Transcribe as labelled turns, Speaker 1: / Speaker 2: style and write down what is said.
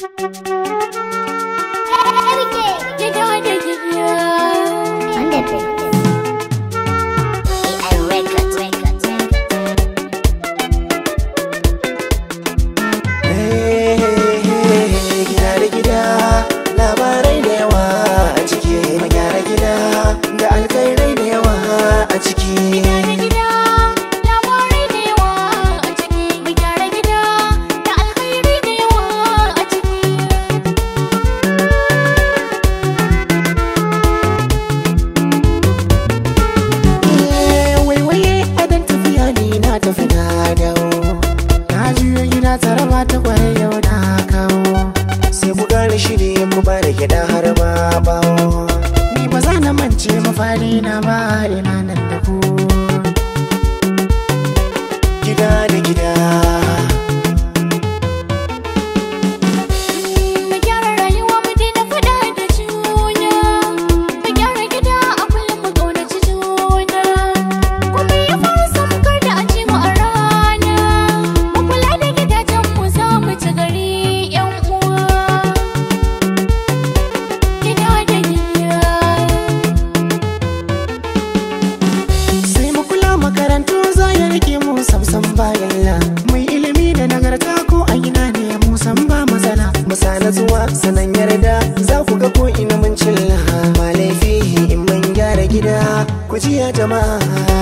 Speaker 1: Música
Speaker 2: Sannan gida ta raba ta kwaye yau da kawo Sai bugar shiri mu bada da gida har ba bawo Ni ba za na mance mafari na ba ina nan da ku zuwa sanan yarda za ku ga ko ina mun cilla ba laifi in mun gyara gida ku jiya jama'a